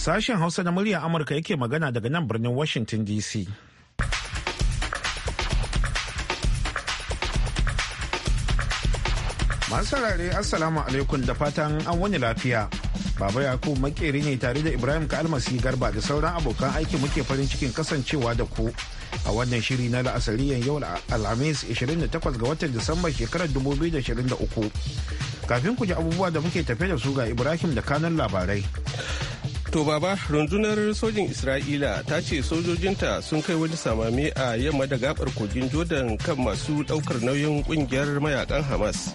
Sashen Hausa na murya Amurka yake magana daga nan birnin Washington DC. Masarare Assalamu alaikum da fatan an wani lafiya. Baba Yakub makeri ne tare da Ibrahim Kalmasi Garba da sauran abokan aiki muke farin cikin kasancewa da ku a wannan shiri na la'asariyan yau Alhamis 28 ga watan Disamba shekarar 2023. Kafin ku ji abubuwa da muke tafe da su ga Ibrahim da kanan labarai. To baba rundunar sojin Isra'ila ta ce sojojinta sun kai wani samami a yamma da gabar kogin Jordan kan masu daukar nauyin kungiyar mayakan Hamas.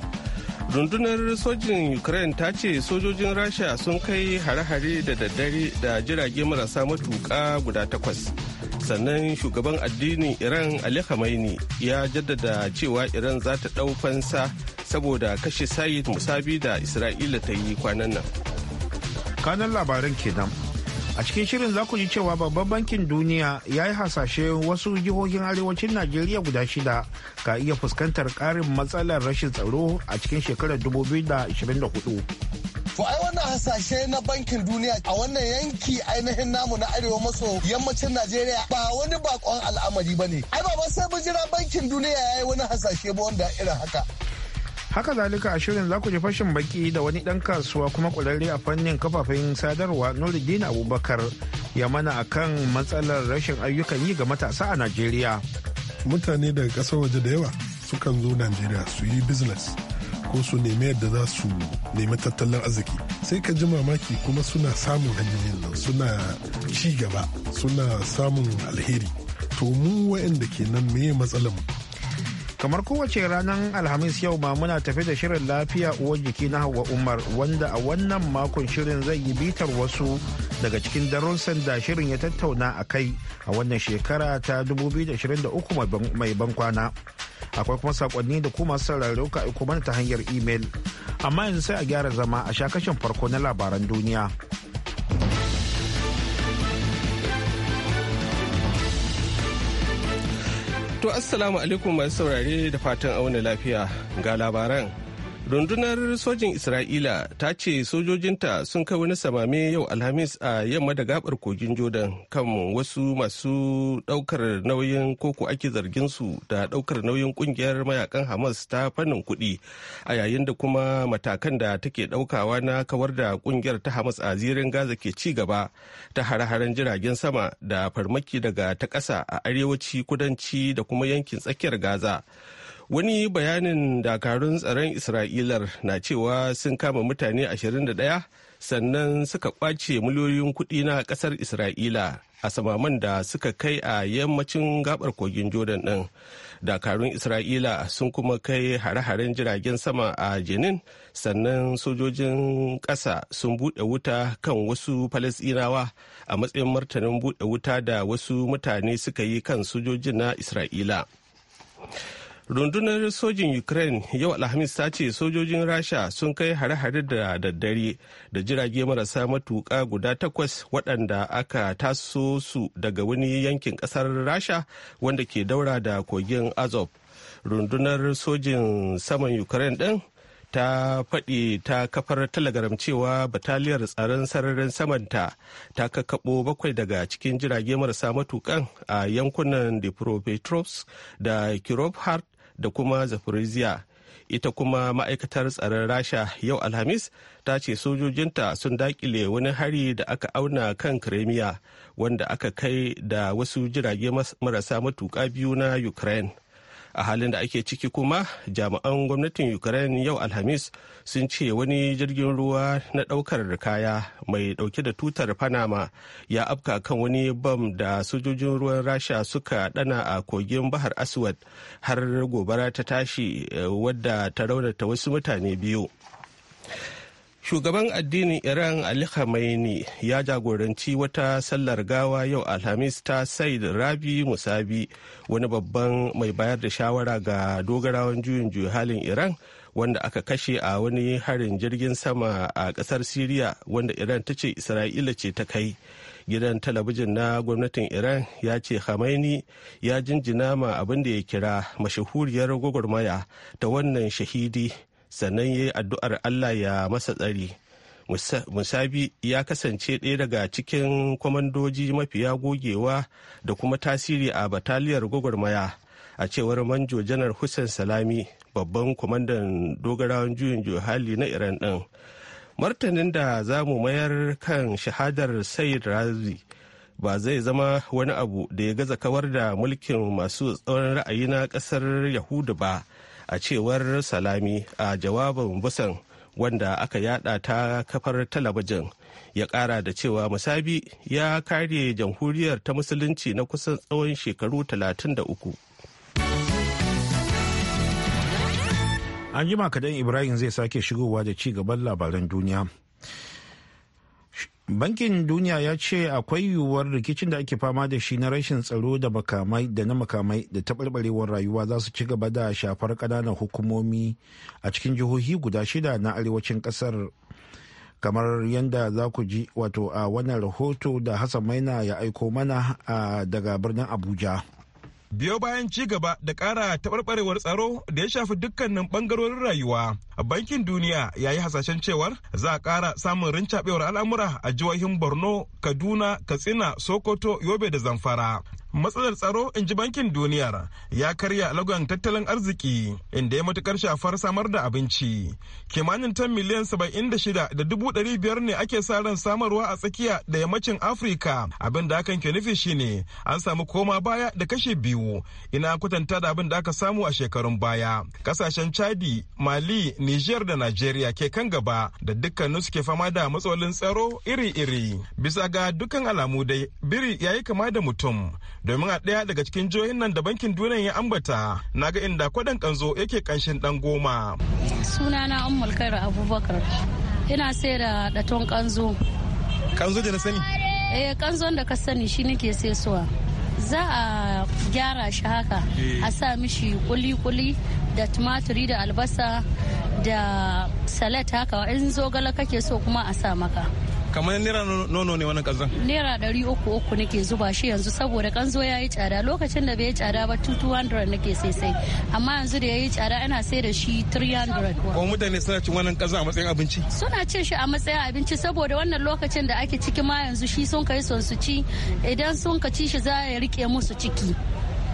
Rundunar sojin Ukraine ta ce sojojin Rasha sun kai hare-hare da daddare da jirage marasa matuƙa guda takwas. Sannan shugaban addinin Iran Ali Khamenei ya jaddada cewa Iran za ta ɗau fansa saboda kashe sayid Musabi da Isra'ila ta yi kwanan nan. kanan labaran kenan a cikin shirin za ku ji cewa babban bankin duniya ya yi hasashe wasu jihohin arewacin najeriya guda shida ka iya fuskantar karin matsalar rashin tsaro a cikin shekarar 2024 To ai wannan hasashe na bankin duniya a wannan yanki ainihin namu na arewa maso yammacin Najeriya ba wani bakon al'amari ba ne. Ai ba sai mun jira bankin duniya ya yi wani hasashe ba wanda irin haka. haka zalika a shirin za ku ji fashin baki da wani dan kasuwa kuma kwararre a fannin kafafen sadarwa nuruddin abubakar ya mana a kan matsalar rashin ayyukan yi ga matasa a najeriya mutane daga ƙasar waje da yawa sukan zo najeriya su yi business ko su nemi yadda za su nemi tattalin arziki sai ka ji mamaki kuma suna samun hanyoyin nan suna ci gaba suna samun alheri to mu waɗanda ke nan me matsalar mu kamar kowace ranar alhamis yau ma muna tafi da shirin lafiya uwar jiki na hawa umar wanda a wannan makon shirin zai yi bitar wasu daga cikin darussan da shirin ya tattauna a kai a wannan shekara ta 2023 mai ban kwana akwai kuma sakonni da kuma sauraro ka aiko mana ta hanyar imel amma yanzu sai a gyara zama a shakashin farko na labaran duniya. To Assalamu alaikum masu saurare da fatan auna lafiya ga labaran. rundunar sojin isra'ila ta ce sojojinta sun kai wani samame yau alhamis a yamma da gabar kogin jordan kan wasu masu daukar nauyin koko ake zargin su da daukar nauyin kungiyar mayakan hamas ta fannin kudi a yayin da kuma matakan da take daukawa na kawar da kungiyar ta hamas a zirin gaza ke ci gaba ta hare-haren jiragen sama da farmaki daga ta ƙasa a arewaci kudanci da kuma yankin tsakiyar gaza wani bayanin dakarun tsaron isra'ilar na cewa sun kama mutane 21 sannan suka kwace miliyoyin kuɗi na ƙasar isra'ila a samaman da suka kai a yammacin gabar kogin jordan ɗin dakarun isra'ila sun kuma kai hare-haren jiragen sama a jenin sannan sojojin ƙasa sun buɗe wuta kan wasu falasɗinawa a matsayin martanin buɗe wuta da wasu mutane suka yi kan sojojin na isra'ila rundunar sojin ukraine yau alhamis ta ce sojojin rasha sun kai hare-hare da daddare da jirage marasa matuka guda takwas waɗanda aka taso su daga wani yankin ƙasar rasha wanda ke daura da kogin azov rundunar sojin saman ukraine ɗin ta faɗi ta kafar telegram cewa bataliyar tsaron sararin samanta ta kakkaɓo bakwai daga cikin jirage marasa matukan a yankunan da da hart da kuma zaporizhia ita kuma ma'aikatar tsaron rasha yau alhamis ta ce sojojinta sun dakile wani hari da aka auna kan kremiya wanda aka kai da wasu jirage marasa matuka biyu na ukraine a halin da ake ciki kuma jami'an gwamnatin ukraine yau alhamis sun ce wani jirgin ruwa na daukar kaya mai dauke da tutar panama ya afka kan wani bam da sojojin ruwan rasha suka dana a kogin bahar aswad har gobara ta tashi eh, wadda ta raunata wasu mutane biyu shugaban addinin iran ali khamenei ya jagoranci wata sallar gawa yau alhamis ta said rabi musabi wani babban mai bayar da shawara ga dogarawan juyin juya halin iran wanda aka kashe a wani harin jirgin sama a kasar siriya wanda iran ta ce isra'ila ce ta kai gidan talabijin na gwamnatin iran ya ce khamenei ya jinjina ma abin da ya kira mashahuriyar gwagwarmaya ta wannan shahidi sannan ya yi addu'ar Allah ya masa tsari. Musabi ya kasance ɗaya daga cikin kwamandoji mafiya gogewa da kuma tasiri a bataliyar gwagwarmaya a cewar manjo janar Hussein Salami babban kwamandan dogarawan juyin juhali na Iran ɗin. Martanin da za mu mayar kan shahadar Sayyid Razi ba zai zama wani abu da ya gaza kawar da mulkin masu tsawon ra'ayi na ƙasar Yahudu ba. a cewar salami a jawabin busan wanda aka yada ta kafar talabijin ya kara da cewa musabi ya kare jamhuriyar ta musulunci na kusan tsawon shekaru 33 an jima kadan ibrahim zai sake shigowa da ci gaban labaran duniya bankin duniya ya ce akwai yiwuwar rikicin da ake fama da shi na rashin tsaro da makamai da na makamai da taɓarɓarewar rayuwa za su ci gaba da shafar ƙananan hukumomi a cikin jihohi guda shida na arewacin ƙasar kamar yadda za ku ji wato a wannan rahoto da hassan maina ya aiko mana daga birnin abuja biyo bayan ci gaba da ƙara taɓarɓarewar tsaro da ya shafi dukkanin ɓangarorin rayuwa bankin duniya ya yi hasashen cewar za a ƙara samun rincaɓewar al'amura a jihohin borno kaduna katsina sokoto yobe da zamfara matsalar tsaro in ji bankin duniyar ya karya lagon tattalin arziki inda ya matukar shafar samar da abinci kimanin tan miliyan saba'in da shida da dubu biyar ne ake sa ran samarwa a tsakiya da yammacin afirka abin da hakan ke nufi ne an samu koma baya da kashe biyu ina kwatanta da abin da aka samu a shekarun baya kasashen chadi mali niger da nigeria ke kan gaba da dukkanin suke fama da matsalolin tsaro iri-iri bisa ga dukkan alamu dai biri ya yi kama da mutum domin a ɗaya daga cikin jihohin nan da bankin duniya ya ambata na ga inda kwadan kanzo yake kanshin dan goma sunana ummul kaira abubakar ina sai da ɗaton kanzo kanzo da na sani eh kanzon da ka sani shi nake sai suwa za a gyara shi haka eh. a sa mishi kuli-kuli da tumaturi da albasa da salat haka in zogala kake so kuma a sa maka kamar naira nono ne wani kazan. naira ɗari uku uku nake zuba shi yanzu saboda kanzo ya yi tsada lokacin da bai yi tsada ba 200 nake sai sai amma yanzu da ya yi tsada ana sai da shi 300 ko mutane suna cin wannan kazan a matsayin abinci suna cin shi a matsayin abinci saboda wannan lokacin da ake ciki ma yanzu shi sun kai son su ci idan sun ka ci shi za ya rike musu ciki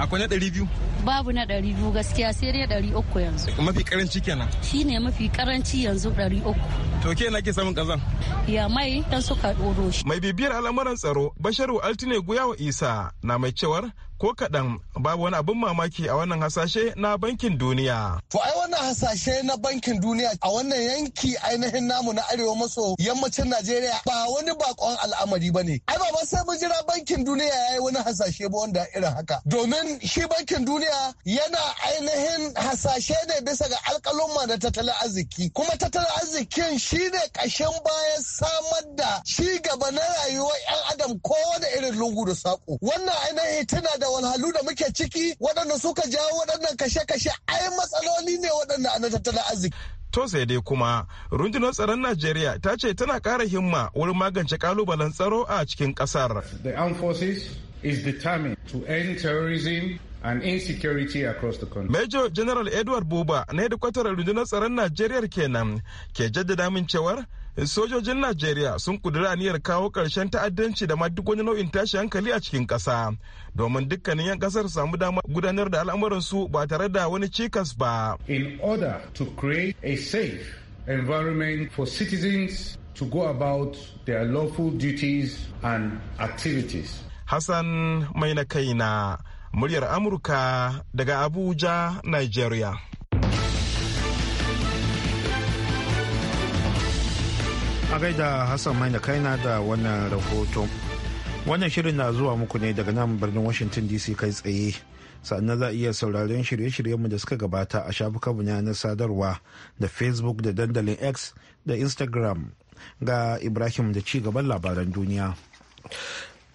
akwai na ɗari biyu babu na ɗari biyu gaskiya sai dai ɗari uku yanzu mafi karanci kenan shine mafi karanci yanzu ɗari uku to ke na ke samun kazan ya mai dan suka ɗoro shi mai bibiyar al'amuran tsaro basharu altine guyawa isa na mai cewar ko kaɗan babu wani abin mamaki a wannan hasashe na bankin duniya. To ai wannan hasashe na bankin duniya a wannan yanki ainihin namu na arewa maso yammacin Najeriya ba wani bakon al'amari ba ne. Ai ba sai mun jira bankin duniya ya yi wani hasashe ba wanda irin haka. Domin shi bankin duniya yana ainihin hasashe ne bisa ga alkalumma da tattalin arziki. Kuma tattalin arzikin shi ne ƙashin bayan samar da ci gaba na rayuwar 'yan adam kowane irin lungu da saƙo. Wannan ainihin tana da walhalu da muke ciki waɗanda suka jawo waɗannan kashe-kashe ai matsaloli ne waɗanda ana tattalin arziki. To sai dai kuma rundunar tsaron Najeriya ta ce tana kara himma wurin magance kalubalen tsaro a cikin ƙasar. The armed forces is determined to end terrorism and insecurity across the country. Major General Edward Buba na hedikwatar rundunar tsaron Najeriya kenan ke jaddada min cewar sojojin najeriya sun kudura aniyar kawo karshen ta'addanci da ma duk wani nau'in tashi hankali a cikin ƙasa domin dukkanin 'yan ƙasar samu damar gudanar da al'amuransu ba tare da wani cikas ba in order to create a safe environment for citizens to go about their lawful duties and activities hassan mai na kaina muryar amurka daga abuja nigeria a gaida hassan mai na kaina da wannan rahoto wannan shirin na zuwa muku ne daga nan birnin washington dc kai tsaye sannan za a iya sauraron shirye-shiryenmu da suka gabata a shafukanmu na sadarwa da facebook da dandalin x da instagram ga ibrahim da ci gaban labaran duniya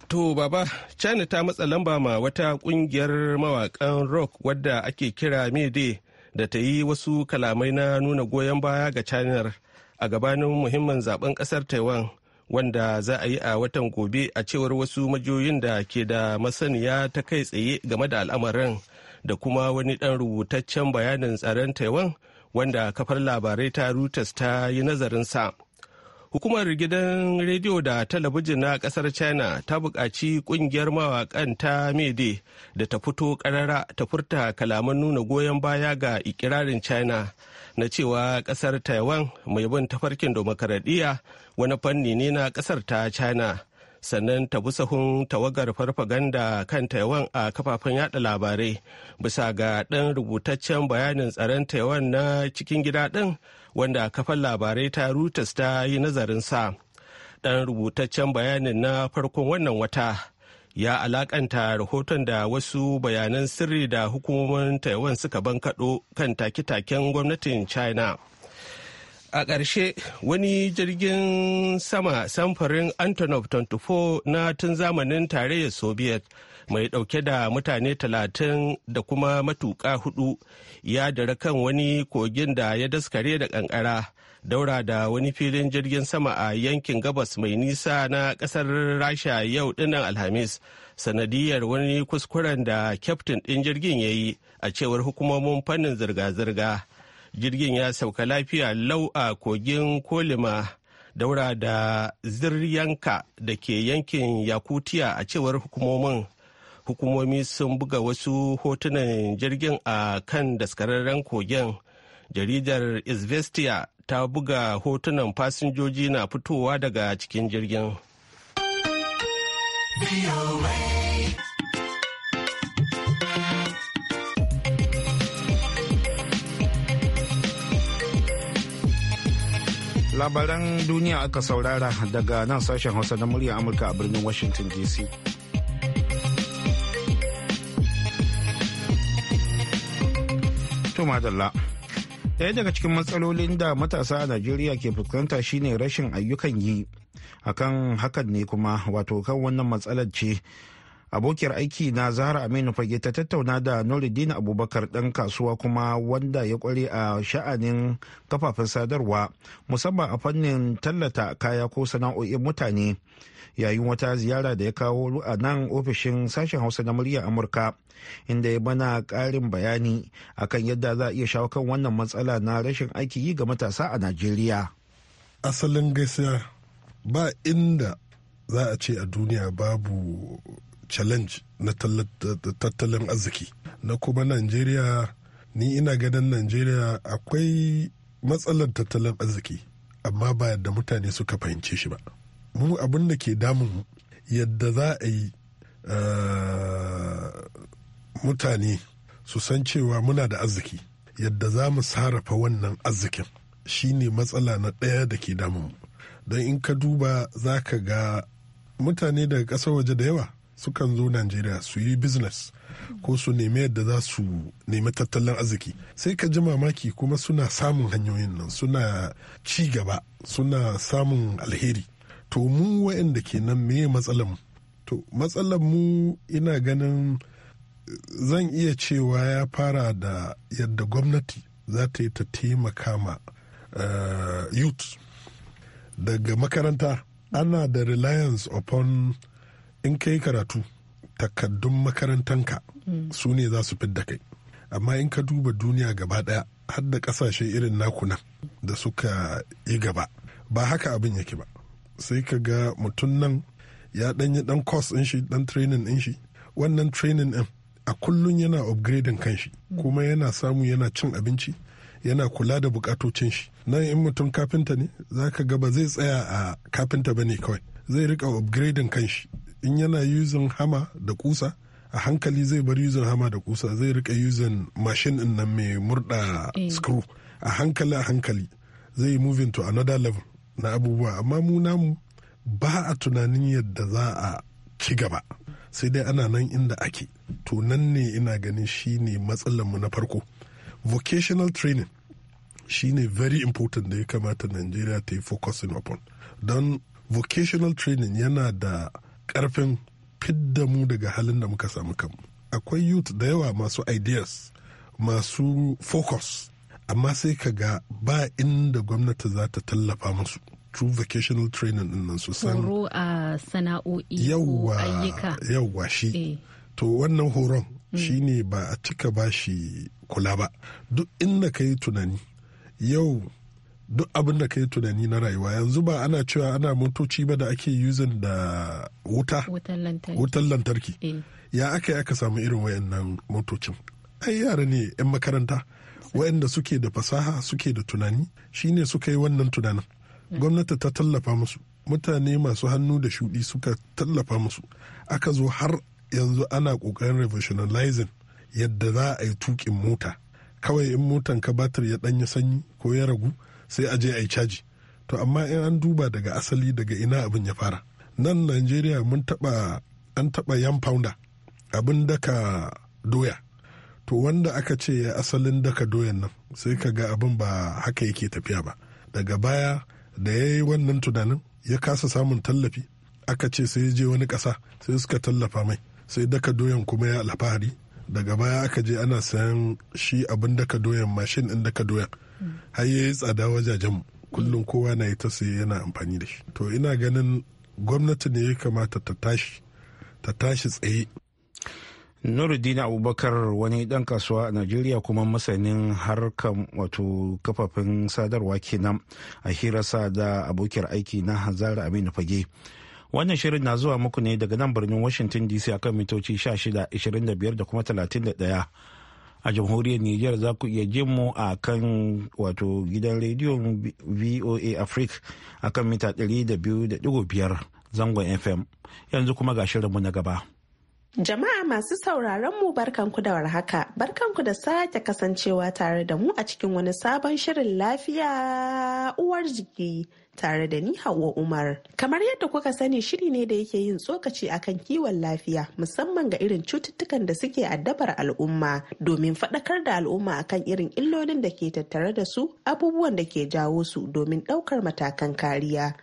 to baba china ta matsa lamba ma wata kungiyar mawakan rock wadda ake kira mede da ta yi wasu kalamai na nuna goyon baya ga china a gabanin muhimmin zaben kasar taiwan wanda za a yi a watan gobe a cewar wasu majiyoyin da ke da masaniya ta kai tsaye game da al'amarin da kuma wani ɗan rubutaccen bayanin tsaron taiwan wanda kafar labarai ta reuters ta yi nazarin sa hukumar gidan rediyo da talabijin na kasar china ta buƙaci ƙungiyar mawaƙan ta mede da ta fito ƙarara ta furta kalaman nuna goyon baya ga ikirarin china na cewa kasar taiwan mai bin tafarkin demokaradiyya wani fanni ne na kasar ta china sannan ta bi sahun tawagar farfaganda kan taiwan a kafafen yada labarai bisa ga ɗan rubutaccen bayanin tsaron taiwan na cikin gida ɗin wanda kafan labarai ta reuters ta yi nazarin sa ɗan rubutaccen bayanin na farkon wannan wata ya alakanta rahoton da wasu bayanan sirri da hukumomin taiwan suka bankaɗo kan take-taken gwamnatin china a ƙarshe wani jirgin sama samfurin antonov 24 na tun zamanin tarayyar soviet mai ɗauke da mutane talatin da kuma matuƙa hudu ya dara kan wani kogin da ya daskare da ƙanƙara daura da wani filin jirgin sama a yankin gabas mai nisa na kasar rasha yau dinnan alhamis sanadiyar wani kuskuren da kyaftin din jirgin ya yi a cewar hukumomin fannin zirga-zirga jirgin ya sauka lafiya lau a kogin kolima daura da ziryanka da ke yankin yakutiya a cewar hukumomin hukumomi sun buga wasu hotunan jirgin a kan daskararren kogin jaridar izvestia ta buga hotunan fasinjoji na fitowa daga cikin jirgin labaran duniya aka saurara daga nan sashen hausa na murya amurka a birnin washington dc to madalla Daya daga cikin matsalolin da matasa a Najeriya ke fuskanta shine rashin ayyukan yi. Akan hakan ne kuma wato kan wannan matsalar ce abokiyar aiki na zahra aminu fage ta tattauna da nuruddin abubakar ɗan kasuwa kuma wanda ya kware a sha'anin kafafen sadarwa musamman a fannin tallata kaya ko sana'o'in mutane yayin wata ziyara da ya kawo a nan ofishin sashen hausa na murya amurka inda ya bana ƙarin bayani akan yadda za a iya shawo kan wannan matsala na rashin aiki yi ga matasa a najeriya asalin gaisuwa ba inda za a ce a duniya babu challenge na tattalin arziki na kuma najeriya ni ina ganin najeriya akwai matsalar tattalin arziki amma ba yadda mutane suka fahimce shi ba mu abin da ke damun yadda za a yi ah, mutane su san cewa muna da arziki yadda za mu sarrafa wannan arzikin shine matsala na ɗaya da ke damun don in ka duba za ka ga mutane daga ƙasar waje da yawa sukan zo najeriya su yi business ko su nemi yadda za su nemi tattalin arziki sai ka ji mamaki kuma suna samun hanyoyin nan suna ci gaba suna samun alheri to mu waɗanda ke nan me mu. to matsalar mu ina ganin zan iya cewa ya fara da yadda gwamnati za ta yi ta taimaka ma eh, youth daga makaranta ana da reliance upon in ka yi karatu takaddun makarantanka su ne za su fidda kai amma in ka duba duniya gaba daya har da kasashe irin nakuna da suka yi gaba ba haka abin yake ba sai ka ga mutum nan ya dan yi dan course in shi dan training din shi wannan training din a kullum yana upgrading shi kuma yana samu yana cin abinci yana kula da bukatocin shi nan in mutum kafinta ne za ka ga ba zai tsaya a kafinta ba ne kawai zai rika upgrading shi. in yana yuzin hama da kusa a hankali zai bar yuzin hama da kusa zai rika yuzin mashin din nan mai murda eh. screw a hankali a hankali zai yi moving to another level na abubuwa amma mu namu ba a tunanin yadda za a ci gaba sai dai ana nan inda ake to nan ne ina ganin shi ne mu na farko vocational training shi ne very important da ya kamata Najeriya ta yi focusing upon. Don vocational training yana da ƙarfin fidda mu daga halin da muka samu kan. Akwai youth da yawa masu ideas, masu focus, amma sai ka ga ba inda gwamnati za ta tallafa musu. True vocational training din nan su san. Horo a sana'o'i ko ayyuka. Yawwa shi. Eh. To wannan horon mm. shi ne ba a cika bashi kula ba. Duk inda ka yi tunani yau duk abin da ka yi tunani na rayuwa yanzu ba ana cewa ana motoci ba da ake using da wuta wutan lantarki eh. ya aka yi aka samu irin wayannan motocin ai yara ne 'yan makaranta wayanda suke da fasaha suke da tunani shine suka yi wannan tunanin mm. gwamnati ta tallafa musu mutane masu hannu da shudi suka tallafa musu aka zo har yanzu ana ƙoƙarin revolutionizing yadda za a yi tukin mota kawai in motan ka batir ya ɗanyi sanyi ko ya ragu sai a je a yi caji to amma in an duba daga asali daga ina abin ya fara nan najeriya mun taba an taɓa yan founder abin daka doya to wanda aka ce ya asalin daka doyan nan sai ka ga abin ba haka yake tafiya ba daga baya da ya yi wannan tunanin ya kasa samun tallafi aka ce sai ya je wani ƙasa sai suka tallafa mai sai daka doyan kuma ya alfahari daga baya aka je ana sayan shi abin ka doyan mashin ɗin ka doyan har ya yi tsada wajajen kullum kowa na yi ta yana amfani da shi to ina ganin gwamnati ne ya kamata ta tashi ta tashi tsaye nuruddin abubakar wani dan kasuwa a najeriya kuma masanin harkar wato kafafen sadarwa kenan a hirarsa da abokiyar aiki na hazara aminu fage Wannan shirin na zuwa muku ne daga nan birnin Washington DC akan mitoci 16, da kuma 31. a jamhuriyar Nijar za ku iya jin mu a kan wato gidan rediyon VOA Africa a kan mita 200.5 zangon FM. Yanzu kuma ga shirinmu na gaba. Jama'a masu sauraron mu barkanku da warhaka, barkanku da sake kasancewa tare da mu a cikin wani sabon shirin lafiya uwar jiki. tare da ni Hauwa Umar. Kamar yadda kuka sani shiri ne da yake yin tsokaci akan kiwon lafiya musamman ga irin cututtukan da suke addabar al'umma domin faɗakar da al'umma akan irin illolin da ke tattare da su abubuwan da ke jawo su domin ɗaukar matakan kariya.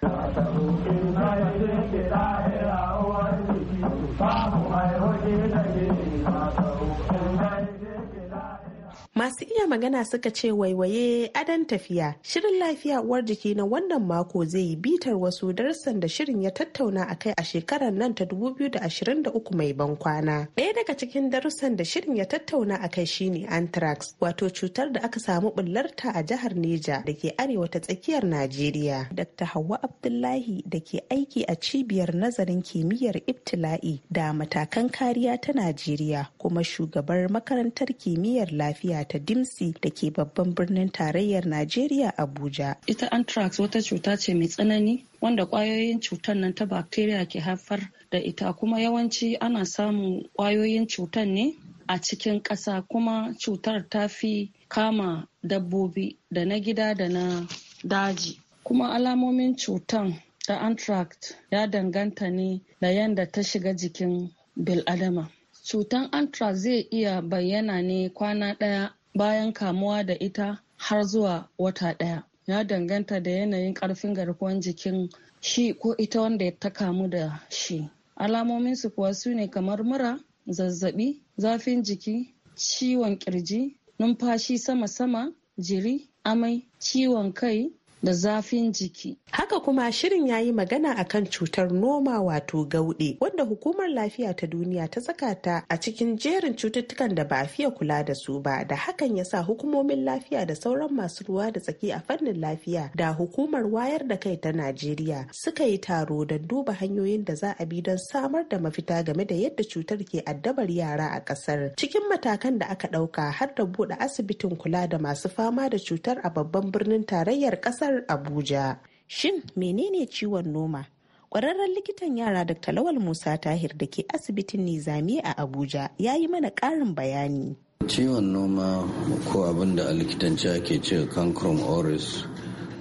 Masu iya magana suka ce waiwaye adan tafiya. Shirin lafiya uwar jiki na wannan mako zai yi bitar wasu darussan da shirin ya tattauna a kai a shekarar nan ta 2023 mai ban kwana. Ɗaya daga cikin darussan da shirin ya tattauna a kai shine anthrax, wato cutar da aka samu bullarta a jihar Neja da ke arewa ta tsakiyar Najeriya. Dr. Hauwa Abdullahi da ke aiki a cibiyar nazarin kimiyyar ibtila'i da matakan kariya ta Najeriya kuma shugabar makarantar kimiyyar lafiya ta Dimsi da ke babban birnin tarayyar Najeriya Abuja. Ita anthrax wata cuta ce mai tsanani wanda kwayoyin cutar nan ta bacteria ke haifar da ita kuma yawanci ana samun kwayoyin cutar ne a cikin ƙasa kuma cutar ta fi kama dabbobi da na gida da na daji. Kuma alamomin cutar ta anthrax ya danganta ne da yadda ta shiga jikin bil'adama. cutan anthrax zai iya bayyana ne kwana ɗaya bayan kamuwa da ita har zuwa wata ɗaya ya danganta da yanayin ƙarfin garkuwan jikin shi ko ita wanda ta kamu da shi alamominsu kuwa su ne kamar mura zazzabi zafin jiki ciwon kirji numfashi sama-sama jiri amai ciwon kai da zafin jiki. Haka kuma shirin ya yi magana akan cutar noma wato gauɗe wanda hukumar lafiya ta duniya ta saka ta a cikin jerin cututtukan da ba a fiye kula da su ba da hakan ya sa hukumomin lafiya da sauran masu ruwa da tsaki a fannin lafiya da hukumar wayar da kai ta Najeriya suka yi taro da duba hanyoyin da za a bi don samar da mafita game da yadda cutar ke addabar yara a ƙasar. Cikin matakan da aka ɗauka har da buɗe asibitin kula da masu fama da cutar a babban birnin tarayyar ƙasar jihar Abuja. Shin menene ciwon noma? Ƙwararren likitan yara Dr. Lawal Musa Tahir da ke asibitin Nizami a Abuja ya yi mana ƙarin bayani. Ciwon noma ko abin da a likitanci ake ce cancrum oris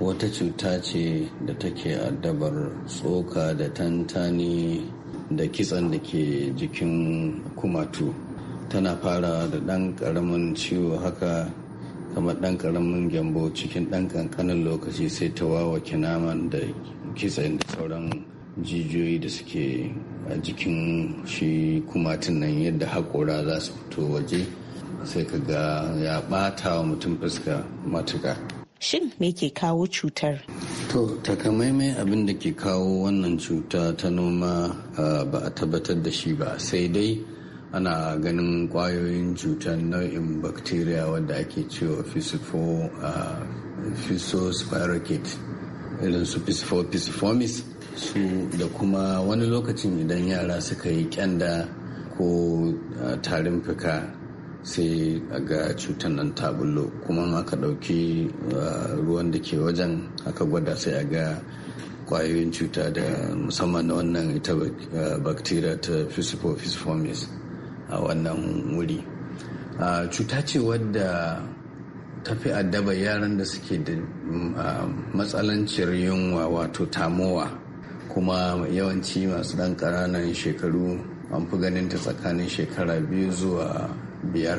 wata cuta ce da take addabar tsoka da tantani da kitsan da ke jikin kumatu. Tana fara da ɗan ƙaramin ciwo haka kamar ɗan ƙaramin gyambo cikin ɗan ƙanƙanin lokaci sai ta wawake naman da kitsen da sauran jijiyoyi da suke a jikin shi kumatin nan yadda haƙora za su fito waje sai ka ga ya ɓata wa mutum fuska matuka. Shin me ke kawo cutar? To takamaimai abin da ke kawo wannan cuta ta noma ah, ba a tabbatar da shi ba sai dai ana ganin kwayoyin cutar nau'in bacteria wadda ake cewa physospirocate uh, irin su pisiformis su da kuma wani lokacin idan yara suka yi kyanda ko uh, tarin fika sai ga cutar nan ta kuma aka ɗauki uh, ruwan da ke wajen aka gwada sai a ga kwayoyin cuta da musamman wannan ita bacteria ta physiformis a wannan wuri cuta ce wadda ta fi addaba yaran da suke da mm, matsalanciyar yunwa wato tamowa kuma yawanci masu ɗan ƙananan shekaru an fi ganin ta tsakanin shekara biyu zuwa biyar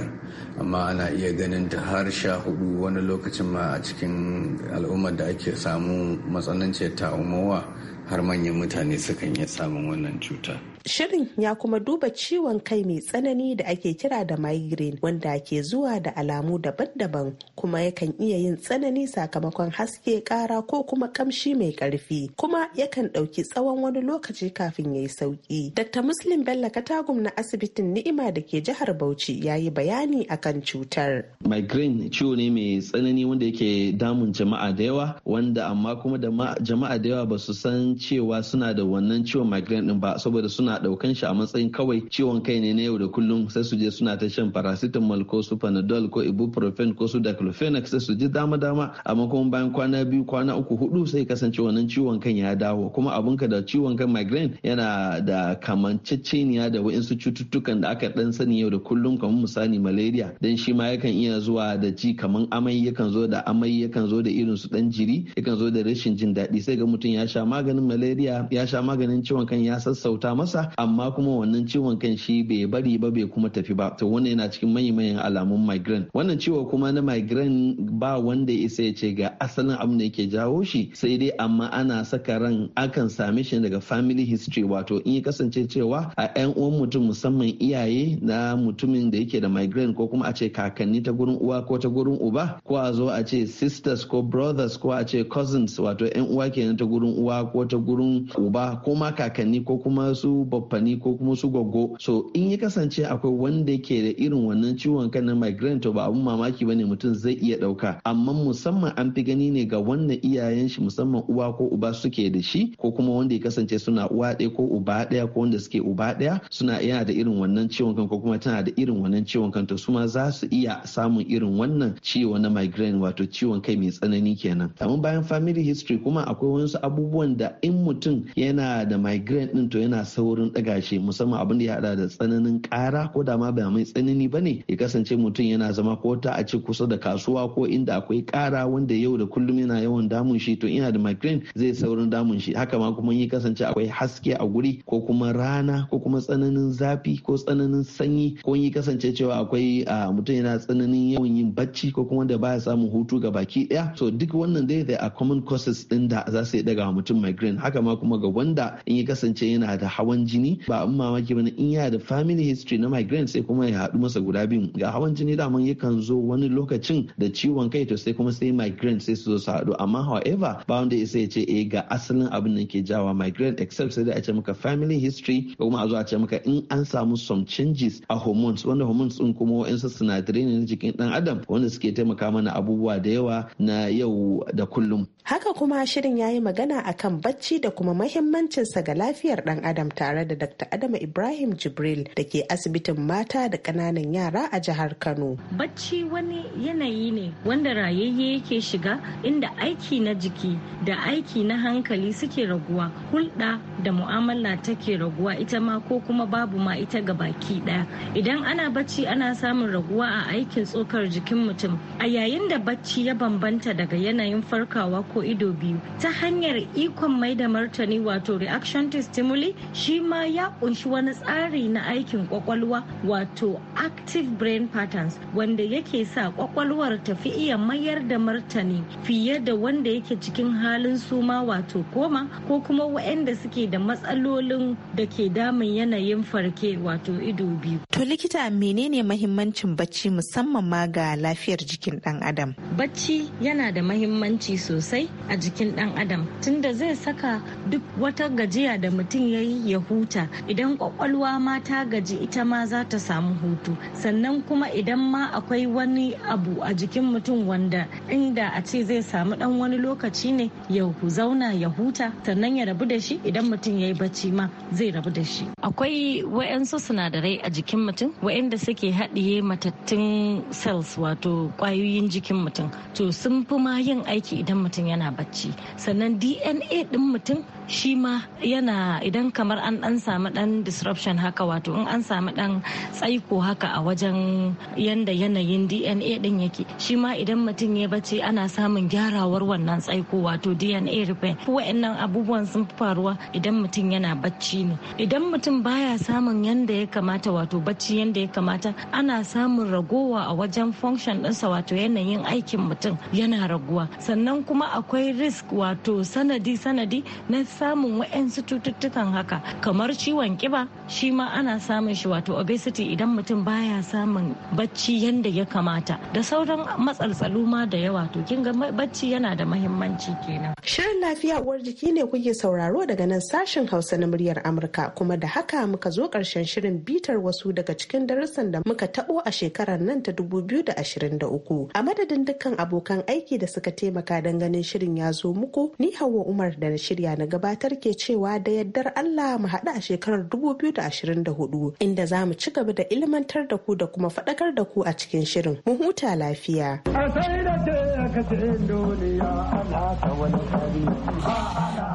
amma ana iya ganin ta har sha hudu wani lokacin ma a cikin al'ummar da ake samu matsalancin tamowa har manyan mutane sukan iya samun wannan cuta. Shirin ya kuma duba ciwon kai mai tsanani da ake kira da migraine wanda ke zuwa da alamu daban-daban kuma yakan iya yin tsanani sakamakon haske kara ko kuma kamshi mai karfi kuma yakan ɗauki tsawon wani lokaci kafin ya yi sauki. Dr. Muslim Bello Katagum na asibitin Ni'ima da ke jihar Bauchi ya yi bayani akan cutar. Migraine ciwo ne mai tsanani wanda yake damun jama'a da yawa wanda amma kuma da jama'a da yawa ba su san cewa suna da wannan ciwon migraine din ba saboda suna suna ɗaukan shi a matsayin kawai ciwon kai ne na yau da kullum sai su je suna ta shan paracetamol ko su panadol ko ibuprofen ko su daclofenac sai su ji dama dama amma kuma bayan kwana biyu kwana uku hudu sai kasance wannan ciwon kan ya dawo kuma abun ka da ciwon kan migraine yana da kamanceceniya da wa'insu cututtukan da aka dan sani yau da kullum kamar misali malaria dan shi ma yakan iya zuwa da ji kamar amai yakan zo da amai yakan zo da irin su dan jiri yakan zo da rashin jin daɗi sai ga mutum ya sha maganin malaria ya sha maganin ciwon kan ya sassauta masa amma kuma wannan ciwon kan shi bai bari ba bai kuma tafi ba to wannan yana cikin manyan alamun migraine wannan ciwo kuma na migraine ba wanda isa ya ce ga asalin abin da yake jawo shi sai dai amma ana saka ran akan sami shi daga family history wato in ya kasance cewa a 'yan uwan mutum musamman iyaye na mutumin da yake da migraine ko kuma a ce kakanni ta gurin uwa ko ta gurin uba ko a zo a ce sisters ko brothers ko a ce cousins wato 'yan uwa kenan ta gurin uwa ko ta gurin uba ko ma kakanni ko kuma su baffani ko kuma su gwaggo so in ya kasance akwai wanda ke da irin wannan ciwon kan na migraine to ba abun mamaki bane mutum zai iya dauka amma musamman an fi gani ne ga wannan iyayen shi musamman uwa ko uba suke da shi ko kuma wanda ya kasance suna uwa ɗaya ko uba ɗaya ko wanda suke uba ɗaya suna yana da irin wannan ciwon kan ko kuma tana da irin wannan ciwon kan to su ma za su iya samun irin wannan ciwon na migraine wato ciwon kai mai tsanani kenan amma bayan family history kuma akwai wasu abubuwan da in mutum yana da migraine din to yana saurin kokarin ɗaga shi musamman abin da ya hada da tsananin ƙara ko da ma ba mai tsanani ba ne ya kasance mutum yana zama ko ta a ce kusa da kasuwa ko inda akwai ƙara wanda yau da kullum yana yawan damun shi to ina da migraine zai saurin damun shi haka ma kuma yi kasance akwai haske a guri ko kuma rana ko kuma tsananin zafi ko tsananin sanyi ko yi kasance cewa akwai mutum yana tsananin yawan yin bacci ko kuma da baya samun hutu ga baki ɗaya to duk wannan dai da a common causes ɗin da za su yi daga mutum migraine haka ma kuma ga wanda in ya kasance yana da hawan jini ba in mamaki bane in yana da family history na migraine sai kuma ya haɗu masa guda biyu ga hawan jini man yakan zo wani lokacin da ciwon kai to sai kuma sai migraine sai su zo su haɗu amma however ba wanda ya sai ce eh ga asalin abin da ke jawa migraine except sai da a ce maka family history ko kuma a zo a ce maka in an samu some changes a hormones wanda hormones din kuma wa'ansu sinadarai ne na jikin dan adam wanda suke taimaka mana abubuwa da yawa na yau da kullum haka kuma shirin yayi magana akan bacci da kuma mahimmancin ga lafiyar dan adam tare tare da Dr. Adama Ibrahim Jibril da ke asibitin mata da ƙananan yara a jihar Kano. Bacci wani yanayi ne wanda rayayye yake shiga inda aiki na jiki da aiki na hankali suke raguwa hulɗa da mu'amala take raguwa ita ma ko kuma babu ma ita ga baki ɗaya. Idan ana bacci ana samun raguwa a aikin tsokar jikin mutum. A yayin da bacci ya bambanta daga yanayin farkawa ko ido biyu ta hanyar ikon mai da martani wato reaction to stimuli shi ma ya kunshi wani tsari na aikin kwakwalwa wato active brain patterns wanda yake sa kwakwalwar tafi iya mayar da martani fiye da wanda yake cikin halin suma wato koma ko kuma waɗanda suke da matsalolin da ke damun yanayin farke wato ido biyu. To likita menene mahimmancin bacci musamman ma ga lafiyar jikin ɗan adam? Bacci yana da mahimmanci sosai a jikin ɗan adam tunda zai saka duk wata gajiya da mutum ya yi huta idan kwakwalwa ma ta gaji ita ma za ta samu hutu sannan kuma idan ma akwai wani abu a jikin mutum wanda inda a ce zai samu dan wani lokaci ne ya zauna ya huta sannan ya rabu da shi idan mutum ya yi bacci ma zai rabu da shi akwai wa'yansu sinadarai a jikin mutum wa'yanda suke haɗiye matattun cells wato kwayoyin jikin mutum to sun fi ma yin aiki idan mutum yana bacci sannan dna din mutum shi ma yana idan kamar an an samu dan disruption haka wato in an samu dan tsaiko haka a wajen yanda yanayin dna din yake shi ma idan mutum ya bace ana samun gyarawar wannan tsaiko wato dna repair wa'annan abubuwan sun faruwa idan mutum yana bacci ne idan mutum baya samun yanda ya kamata wato bacci yanda ya kamata ana samun ragowa a wajen function ɗinsa wato yanayin aikin mutum yana raguwa sannan kuma akwai risk wato sanadi sanadi na samun wa'yansu cututtukan haka kamar ciwon kiba shi ma ana samun shi wato obesity idan mutum baya samun bacci yanda ya kamata da sauran matsaltsalu ma da yawa to kin ga bacci yana da mahimmanci kenan shirin lafiya uwar jiki ne kuke sauraro daga nan sashen hausa na muryar amurka kuma da haka muka zo karshen shirin bitar wasu daga cikin darussan da muka tabo a shekarar nan ta 2023 a madadin dukkan abokan aiki da suka taimaka don ganin shirin ya zo muku ni hawa umar da na shirya na gabatar ke cewa da yaddar allah mu haɗu a shekarar 2024 inda za mu ci gaba da ilmantar da ku da kuma faɗakar da ku a cikin shirin. Mu huta lafiya.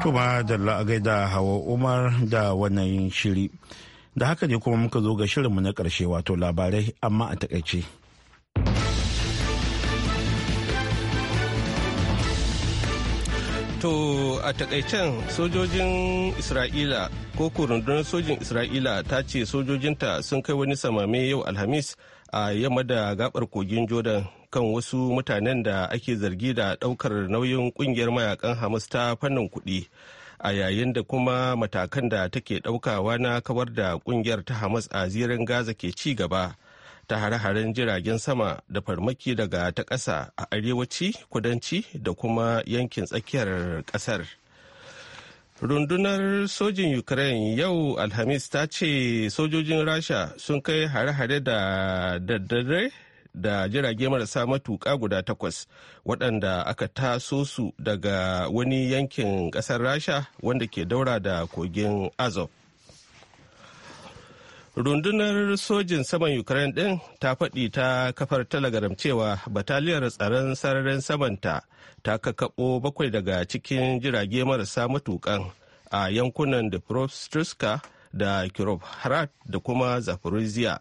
Tuma Jalla a gaida Hawa Umar da wannan shiri. Da haka ne kuma muka zo ga shirinmu na ƙarshe wato labarai amma a takaice. To a takaicen sojojin Isra'ila ko rundunar sojin Isra'ila ta ce sojojinta sun kai wani samame yau Alhamis a yamma da gabar kogin Jordan kan wasu mutanen da ake zargi da daukar nauyin kungiyar mayakan Hamas ta fannin kuɗi a yayin da kuma matakan da take daukawa na kawar da kungiyar ta Hamas a zirin Gaza ke ci gaba. ta hare-haren jiragen sama da farmaki daga ta ƙasa a arewaci kudanci da kuma yankin tsakiyar ƙasar rundunar sojin ukraine yau alhamis ta ce sojojin rasha sun kai hare-hare da daddare da jirage marasa matuƙa guda takwas waɗanda aka taso su daga wani yankin ƙasar rasha wanda ke daura da kogin azov rundunar sojin saman ukraine din ta faɗi ta kafar telegram cewa bataliyar tsaron sararin samanta ta kakaɓo bakwai daga cikin jirage marasa matukan a yankunan da da kirov harat da kuma zaporizhia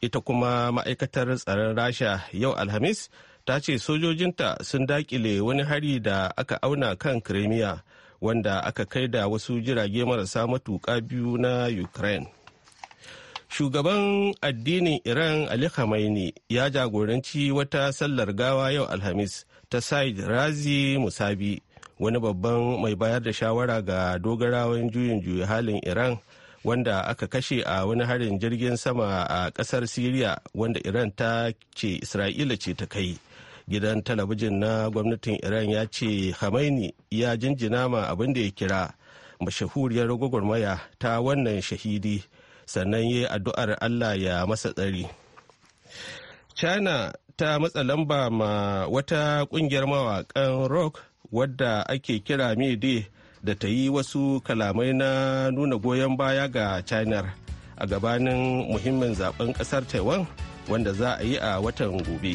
ita kuma ma'aikatar tsaron rasha yau alhamis ta ce sojojinta sun dakile wani hari da aka auna kan kremiya wanda aka kai da wasu jirage marasa matuka biyu na ukraine Shugaban addinin Iran Ali Khamenei ya jagoranci wata sallar gawa yau Alhamis ta Said Razi Musabi, wani babban mai bayar da shawara ga dogarawan juyin juya halin Iran wanda aka kashe a wani harin jirgin sama a kasar Siriya wanda Iran ta ce Isra'ila ce ta kai. Gidan talabijin na gwamnatin Iran ya ce Khamenei ya jinjina ma abin da ya kira mashahuriyar gwagwarmaya ta wannan shahidi. sannan ya yi addu'ar allah ya masa tsari china ta matsa lamba ma wata kungiyar mawakan rock wadda ake kira mede da ta yi wasu kalamai na nuna goyon baya ga china a gabanin muhimmin zaben kasar taiwan wanda za a yi a watan gobe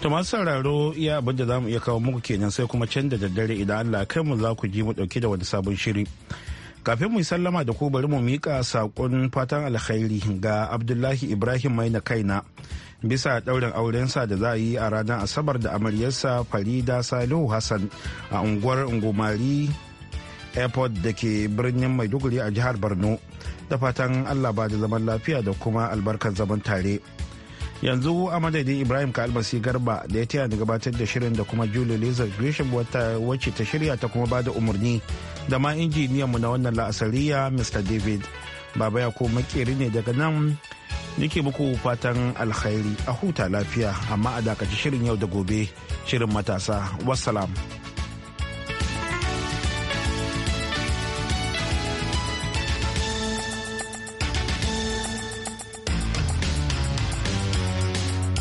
ta masu sauraro iya abin da za mu iya kawo muku kenan sai kuma can da daddare idan allah kai mu za ku ji mu dauke da wani sabon shiri kafin mu yi sallama da ku bari mu mika saƙon fatan alkhairi ga abdullahi ibrahim mai na kaina bisa ɗaurin aurensa da za a yi a ranar asabar da amaryarsa farida salihu hassan a unguwar ungumari airport da ke birnin maiduguri a jihar borno da fatan allah ba da zaman lafiya da kuma albarkar zaman tare yanzu a madadin ibrahim kalmasi garba da ya taya ni gabatar da shirin da kuma julie lizard gresham wacce ta shirya ta kuma bada umarni da ma injiniyanmu na wannan la'asariya mr david baba ya ko makeri ne daga nan nake muku fatan alkhairi a huta lafiya amma a dakaci shirin yau da gobe shirin matasa wassalam.